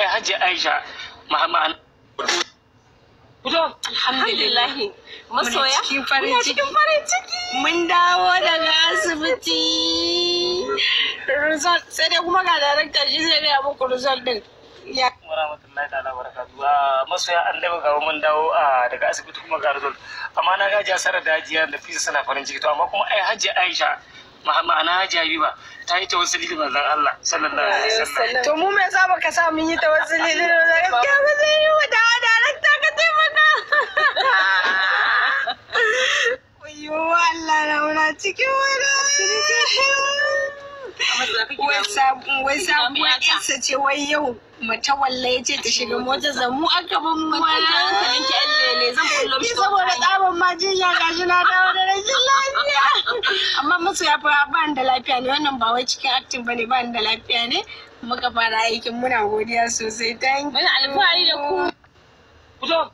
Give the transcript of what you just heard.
ai hajji aisha mahamman Kudo, alhamdulillahi masoya, cikin farin ciki. Mun dawo daga asibiti. Result, sai dai kuma ga darakta shi zai gaya muku result din. Ya. Warahmatullahi ta'ala barakatu. Ah, masoya annabi ga mun dawo ah, daga asibiti kuma ga result. Amma na gaji asarar da hajiya da fisa suna farin ciki to amma kuma ai hajji Aisha ma'ana jabi ba ta yi tawassuli da manzon Allah sallallahu alaihi wasallam to mu me yasa baka sa mun yi tawassuli da manzon gaskiya ba zai yi wa da darakta ka taimaka yo Allah na cikin wani wai sabuwar yansa ce wai yau walla ya ce ta shiga motar zamu aka ban mu wani hankalin ki ne zan kullo shi saboda tsaban ma jinya gashi na dawo da rajin ya fara ba da lafiya ne wannan ba wai cikin acting ne ba ni da lafiya ne muka fara aikin muna godiya sosai ta yi. Wani alfahari da ku.